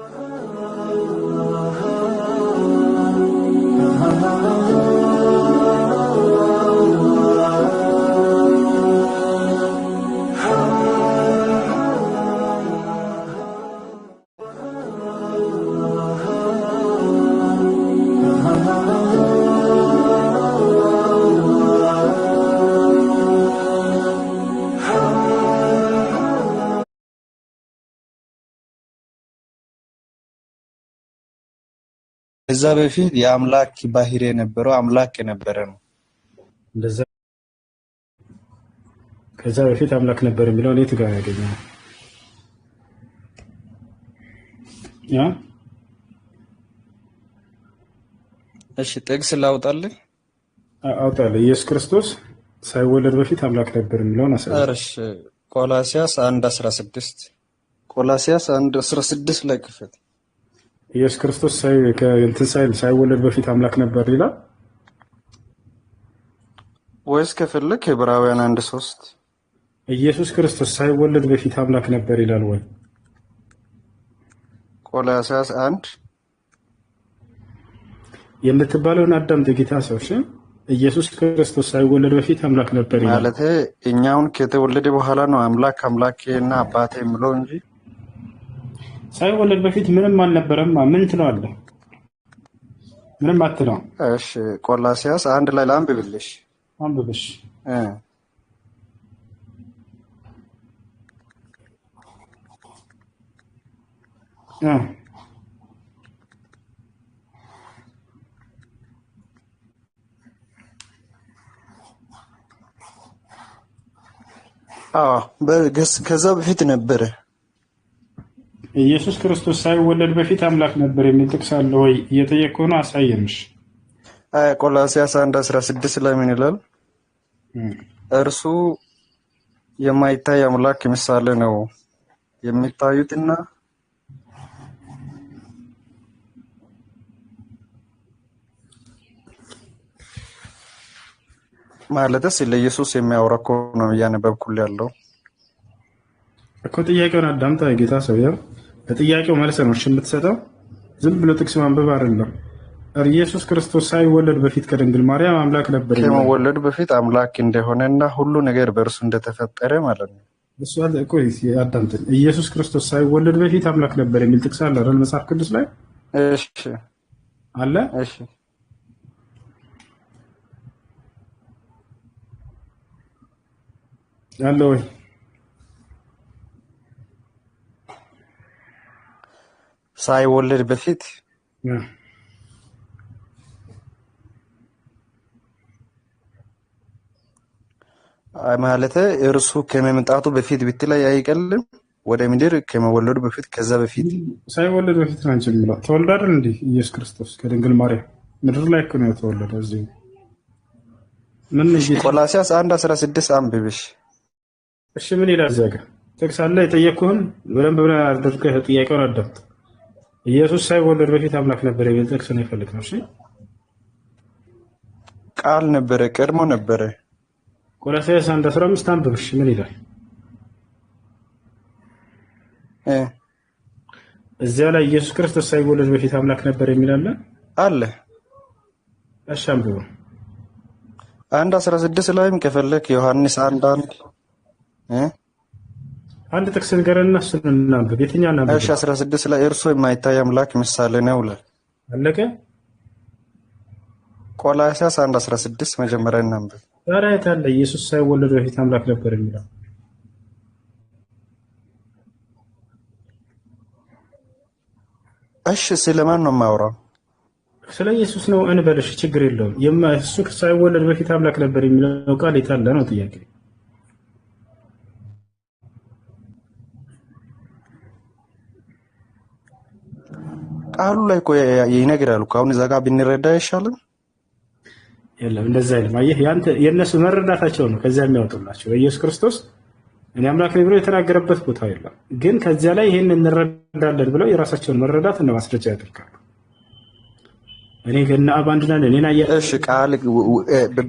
Oh, ከዛ በፊት የአምላክ ባህሪ የነበረው አምላክ የነበረ ነው። እንደዛ ከዛ በፊት አምላክ ነበር የሚለው እኔ ትጋ ያገኘው እሺ ጥቅስ ላውጣልህ፣ አውጣልህ። ኢየሱስ ክርስቶስ ሳይወለድ በፊት አምላክ ነበር የሚለውን አሳርሽ ቆላሲያስ አንድ አስራ ስድስት ቆላሲያስ አንድ አስራ ስድስት ላይ ክፍት ኢየሱስ ክርስቶስ ሳይወለድ በፊት አምላክ ነበር ይላል ወይስ ከፈለክ ዕብራውያን አንድ ሶስት ኢየሱስ ክርስቶስ ሳይወለድ በፊት አምላክ ነበር ይላል ወይ? ቆላሳስ አንድ የምትባለውን አዳም ጌታ ሰው እሺ። ኢየሱስ ክርስቶስ ሳይወለድ በፊት አምላክ ነበር ይላል ማለት እኛውን ከተወለደ በኋላ ነው አምላክ እና አባቴ የምለው እንጂ ሳይወለድ በፊት ምንም አልነበረም ምን ትለዋለህ? ምንም አትለው። እሺ ቆላሲያስ አንድ ላይ ለአንብብልሽ አንብብሽ ከዛ በፊት ነበረ ኢየሱስ ክርስቶስ ሳይወለድ በፊት አምላክ ነበር የሚል ጥቅስ አለ ወይ እየጠየቅ ሆኖ አሳየንሽ። ቆላሲያስ አንድ አስራ ስድስት ለምን ይላል? እርሱ የማይታይ አምላክ ምሳሌ ነው የሚታዩትና ማለትስ ለኢየሱስ የሚያወራ እኮ ነው እያነበብኩል ያለው እኮ ጥያቄውን አዳምጣ ጌታ ሰውየው ለጥያቄው መልስ ነው። እሺ የምትሰጠው ዝም ብሎ ጥቅስ ማንበብ አይደለም። ኢየሱስ ክርስቶስ ሳይወለድ በፊት ከድንግል ማርያም አምላክ ነበር። ከመወለዱ በፊት አምላክ እንደሆነና ሁሉ ነገር በእርሱ እንደተፈጠረ ማለት ነው። አዳምጠኝ። ኢየሱስ ክርስቶስ ሳይወለድ በፊት አምላክ ነበር የሚል ጥቅስ አለ አይደል? መጽሐፍ ቅዱስ ላይ አለ። አለ ወይ? ሳይወልድ በፊት ማለት እርሱ ከመምጣቱ በፊት ብትል አይቀልም። ወደ ምድር ከመወለዱ በፊት ከዛ በፊት ሳይወለድ በፊት ነው እንጂ የሚለው ተወልደ አይደል እንዴ? ኢየሱስ ክርስቶስ ከድንግል ማርያም ምድር ላይ ነው የተወለደ። እዚህ ምን ቆላሲያስ አንድ አስራ ስድስት አንብብሽ። እሺ ምን ይላል እዚያ ጋር ጥቅስ አለ። የጠየቅኩህን በደንብ ብለህ አድርገህ ጥያቄውን አዳምጥ። ኢየሱስ ሳይወለድ በፊት አምላክ ነበር የሚል ጥቅስ ነው ይፈልግ ነው። እሺ ቃል ነበረ፣ ቀድሞ ነበረ። ቆላስይስ አንድ አስራ አምስት አንብብ። እሺ ምን ይላል? እዚያ ላይ ኢየሱስ ክርስቶስ ሳይወለድ በፊት አምላክ ነበር የሚል አለ አለ። እሺ አንብብ። አንድ አስራ ስድስት ላይም ከፈለክ ዮሐንስ አንድ አንድ አንድ ጥቅስ ንገረና እሱን እናንብብ። የትኛው እናንብብ? እሺ 16 ላይ እርሱ የማይታይ አምላክ ምሳሌ ነው ይላል። አለቀ። ቆላሲያስ 1 16 መጀመሪያ እናንብብ። ዛሬ አለ ኢየሱስ ሳይወለድ በፊት አምላክ ነበር የሚለው እሺ ስለማን ነው የማውራው? ስለ ኢየሱስ ነው እንበልሽ፣ ችግር የለውም። እሱ ሳይወለድ በፊት አምላክ ነበር የሚለው ቃል የታለ ነው ጥያቄ ቃሉ ላይ እኮ ይነግራሉ። እኮ አሁን እዛ ጋር ብንረዳ አይሻልም? የለም እንደዛ አይልም። አየህ ያንተ የእነሱ መረዳታቸው ነው ከዚያ የሚያወጡላቸው በኢየሱስ ክርስቶስ እኔ አምላክ ነኝ ብሎ የተናገረበት ቦታ የለም። ግን ከዚያ ላይ ይህን እንረዳለን ብለው የራሳቸውን መረዳት እንደ ማስረጃ ያደርጋሉ። እኔ ገና አብ አንድ ነን እኔና እሺ ቃል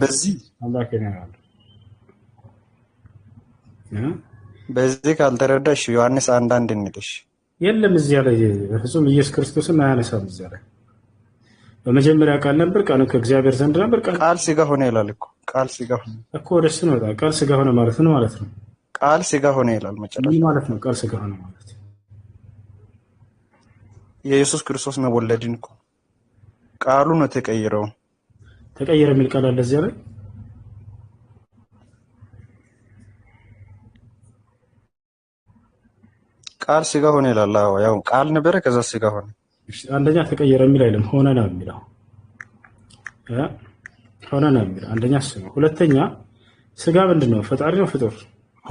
በዚህ አምላክ ነኝ አሉ በዚህ ካልተረዳሽ ዮሐንስ አንድ አንድ እንልሽ የለም እዚያ ላይ በፍጹም ኢየሱስ ክርስቶስን አያነሳም። እዚያ ላይ በመጀመሪያ ቃል ነበር፣ ቃሉ ከእግዚአብሔር ዘንድ ነበር፣ ቃል ስጋ ሆነ ይላል እኮ። ቃል ስጋ ሆነ እኮ ወደሱ ነው። ቃል ስጋ ሆነ ማለት ነው ማለት ነው። ቃል ስጋ ሆነ ይላል መጨረሻ ምን ማለት ነው። ቃል ስጋ ሆነ ማለት የኢየሱስ ክርስቶስ መወለድን እኮ ቃሉ ነው ተቀይረው ተቀየረ የሚል ቃል አለ እዚያ ላይ ቃል ስጋ ሆነ ይላል። ያው ቃል ነበረ፣ ከዛ ስጋ ሆነ። አንደኛ ተቀየረ የሚል አይደለም፣ ሆነ ነው የሚለው። ሆነ ነው የሚለው አንደኛ እሱ ነው። ሁለተኛ ስጋ ምንድን ነው? ፈጣሪ ነው ፍጡር?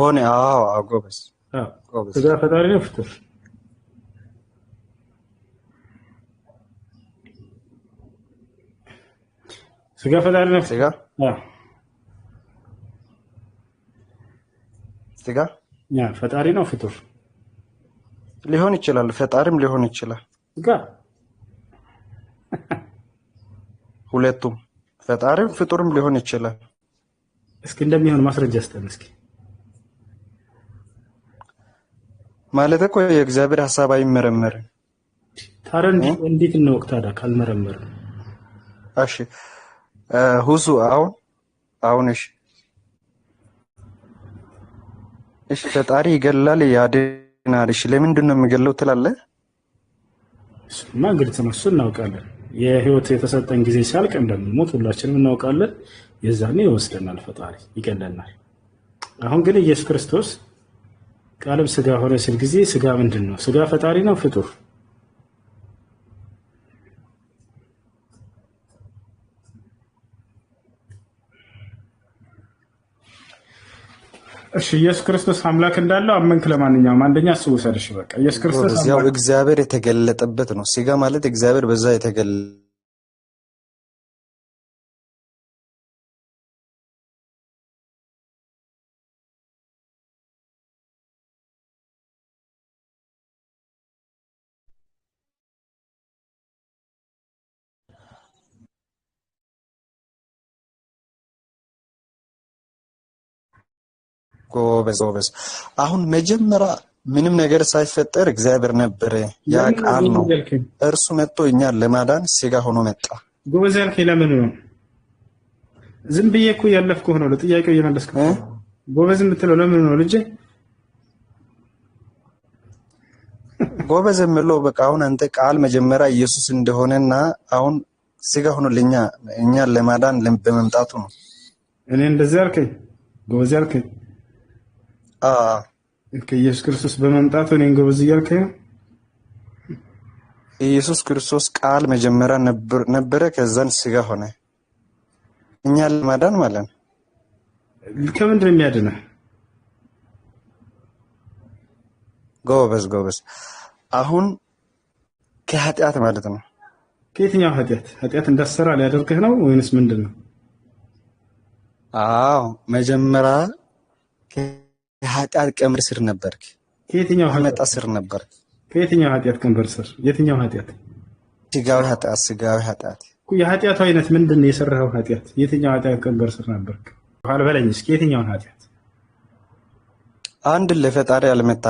ሆነ። አዎ፣ ጎበዝ። ስጋ ፈጣሪ ነው ፍጡር? ስጋ ፈጣሪ ነው? ስጋ ስጋ ፈጣሪ ነው ፍጡር? ሊሆን ይችላል፣ ፈጣሪም ሊሆን ይችላል። ሁለቱም ፈጣሪም ፍጡርም ሊሆን ይችላል። እስኪ እንደሚሆን ማስረጃ ስጠን እስኪ። ማለት እኮ የእግዚአብሔር ሀሳብ አይመረመርም። ታዲያ እንዴት እንወቅ ታዲያ ካልመረመር? እሺ ሁሱ አሁን አሁን እሺ እሺ ፈጣሪ ይገላል ያድ ናርሽ ለምንድን ነው የሚገለው ትላለህ? እሱማ ግልጽ ነው፣ እሱ እናውቃለን። የህይወት የተሰጠን ጊዜ ሲያልቅ እንደምንሞት ሁላችንም እናውቃለን። የዛኔ ይወስደናል ፈጣሪ ይቀለናል። አሁን ግን ኢየሱስ ክርስቶስ ቃልም ስጋ ሆነ ሲል ጊዜ ስጋ ምንድን ነው? ስጋ ፈጣሪ ነው ፍጡር እሺ ኢየሱስ ክርስቶስ አምላክ እንዳለው አመንክ። ለማንኛውም አንደኛ እሱ ውሰድሽ። በቃ ኢየሱስ ክርስቶስ ያው እግዚአብሔር የተገለጠበት ነው። ስጋ ማለት እግዚአብሔር በዛ የተገለ ጎበዝ ጎበዝ። አሁን መጀመሪያ ምንም ነገር ሳይፈጠር እግዚአብሔር ነበረ፣ ያ ቃል ነው። እርሱ መጥቶ እኛ ለማዳን ስጋ ሆኖ መጣ። ጎበዝ ያልከኝ ለምን ነው? ዝም ብዬ እኮ ያለፍኩህ ነው። ለጥያቄው እየመለስክ ጎበዝ የምትለው ለምን ነው ልጄ? ጎበዝ የምለው በቃ አሁን አንተ ቃል መጀመሪያ ኢየሱስ እንደሆነና አሁን ስጋ ሆኖ ለኛ እኛ ለማዳን በመምጣቱ ነው። እኔ እንደዚህ አልከኝ፣ ጎበዝ ያልከኝ ከኢየሱስ ክርስቶስ በመምጣቱ እኔን ጎበዝ እያልከኝ ነው። ኢየሱስ ክርስቶስ ቃል መጀመሪያ ነበረ፣ ከዛን ስጋ ሆነ። እኛ ለማዳን ማለት ነው። ከምንድን ነው የሚያድነህ? ጎበዝ ጎበዝ። አሁን ከኃጢአት ማለት ነው። ከየትኛው ኃጢአት? ኃጢአት እንዳሰራ ሊያደርግህ ነው ወይንስ ምንድን ነው? አዎ መጀመሪያ የኃጢአት ቀንበር ስር ነበርክ። ከየትኛው መጣ ስር ነበርክ? ከየትኛው ኃጢአት ቀንበር ስር? የትኛው ኃጢአት? ስጋዊ ኃጢአት። ስጋዊ ኃጢአት። የኃጢአቱ አይነት ምንድን ነው? የሰራኸው ኃጢአት የትኛው ኃጢአት ቀንበር ስር ነበርክ? በለኝ እስኪ የትኛውን ኃጢአት? አንድ ለፈጣሪ አለመታ